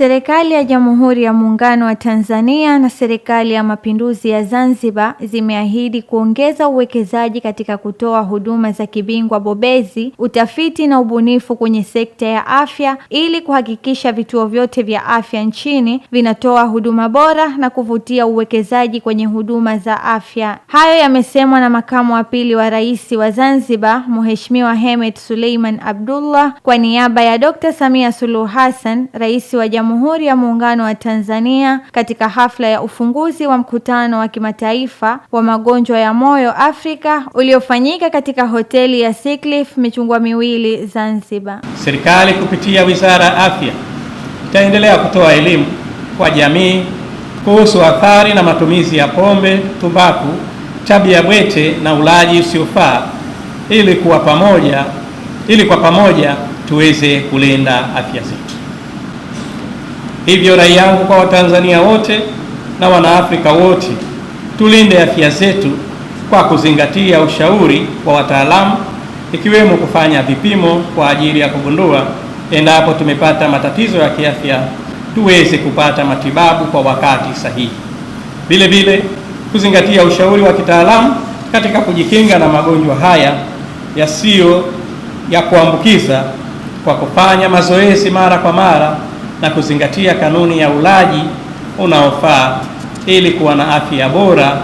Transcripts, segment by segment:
Serikali ya Jamhuri ya Muungano wa Tanzania na Serikali ya Mapinduzi ya Zanzibar zimeahidi kuongeza uwekezaji katika kutoa huduma za kibingwa bobezi, utafiti na ubunifu kwenye sekta ya afya ili kuhakikisha vituo vyote vya afya nchini vinatoa huduma bora na kuvutia uwekezaji kwenye huduma za afya. Hayo yamesemwa na makamu wa pili wa rais wa Zanzibar, Mheshimiwa Hemed Suleiman Abdullah kwa niaba ya Dr. Samia Suluhu Hassan, rais wa Jamhuri Jamhuri ya Muungano wa Tanzania katika hafla ya ufunguzi wa mkutano wa kimataifa wa magonjwa ya moyo Afrika uliofanyika katika hoteli ya Cliff Michungwa Miwili, Zanzibar. Serikali kupitia Wizara ya Afya itaendelea kutoa elimu kwa jamii kuhusu athari na matumizi ya pombe, tumbaku, tabia bwete na ulaji usiofaa ili kuwa pamoja ili kwa pamoja tuweze kulinda afya zetu. Hivyo rai yangu kwa Watanzania wote na Wanaafrika wote, tulinde afya zetu kwa kuzingatia ushauri wa wataalamu, ikiwemo kufanya vipimo kwa ajili ya kugundua endapo tumepata matatizo ya kiafya, tuweze kupata matibabu kwa wakati sahihi. Vile vile kuzingatia ushauri wa kitaalamu katika kujikinga na magonjwa haya yasiyo ya kuambukiza kwa kufanya mazoezi mara kwa mara na kuzingatia kanuni ya ulaji unaofaa ili kuwa na afya bora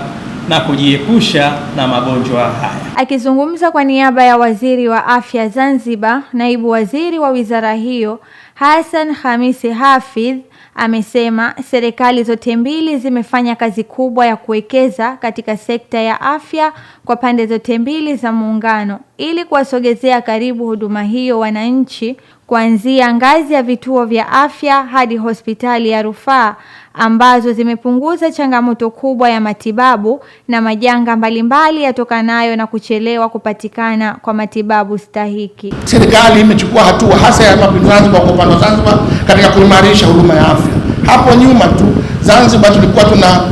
na kujiepusha na magonjwa haya. Akizungumza kwa niaba ya Waziri wa Afya Zanzibar, naibu waziri wa wizara hiyo Hassan Hamisi Hafidh amesema serikali zote mbili zimefanya kazi kubwa ya kuwekeza katika sekta ya afya kwa pande zote mbili za Muungano ili kuwasogezea karibu huduma hiyo wananchi kuanzia ngazi ya vituo vya afya hadi hospitali ya rufaa ambazo zimepunguza changamoto kubwa ya matibabu na majanga mbalimbali yatokanayo na kuchelewa kupatikana kwa matibabu stahiki. Serikali imechukua hatua hasa ya mapinduzi Zanzibar, kwa upande wa Zanzibar katika kuimarisha huduma ya afya. Hapo nyuma tu Zanzibar tulikuwa tuna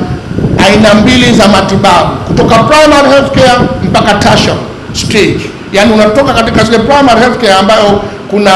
aina mbili za matibabu kutoka primary healthcare mpaka tertiary stage yani unatoka katika zile primary healthcare ambayo kuna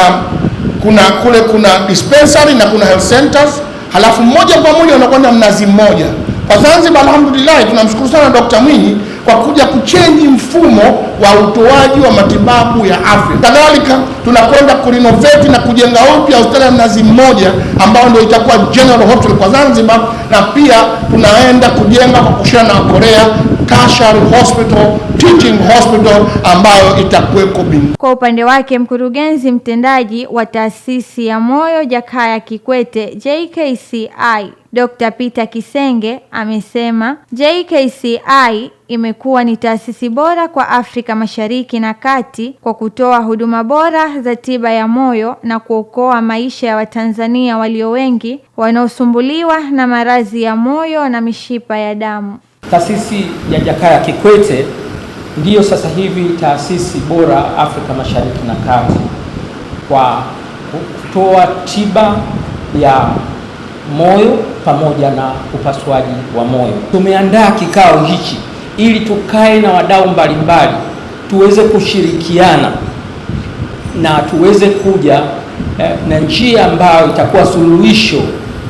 kuna kule kuna dispensary na kuna health centers, halafu moja kwa moja unakwenda mnazi mmoja. Kwa Zanzibar, alhamdulillah, tunamshukuru sana Dr. Mwinyi kwa kuja kuchenji mfumo wa utoaji wa matibabu ya afya. Kadhalika tunakwenda kurinoveti na kujenga upya hospitali ya Mnazi Mmoja ambayo ndio itakuwa general hospital kwa Zanzibar, na pia tunaenda kujenga kwa kushana na Korea Kasha Hospital Teaching Hospital ambayo itakuweko bingu. Kwa upande wake mkurugenzi mtendaji wa taasisi ya moyo Jakaya Kikwete JKCI Dr. Peter Kisenge amesema JKCI imekuwa ni taasisi bora kwa Afrika Mashariki na Kati kwa kutoa huduma bora za tiba ya moyo na kuokoa maisha ya Watanzania walio wengi wanaosumbuliwa na maradhi ya moyo na mishipa ya damu. Taasisi ya Jakaya Kikwete ndiyo sasa hivi taasisi bora Afrika Mashariki na Kati kwa kutoa tiba ya moyo pamoja na upasuaji wa moyo. Tumeandaa kikao hichi ili tukae na wadau mbalimbali tuweze kushirikiana na tuweze kuja eh, na njia ambayo itakuwa suluhisho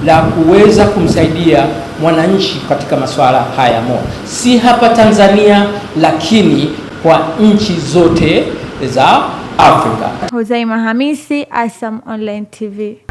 la kuweza kumsaidia mwananchi katika masuala haya mo si hapa Tanzania, lakini kwa nchi zote za Afrika. Huzaima Hamisi, ASAM Online TV.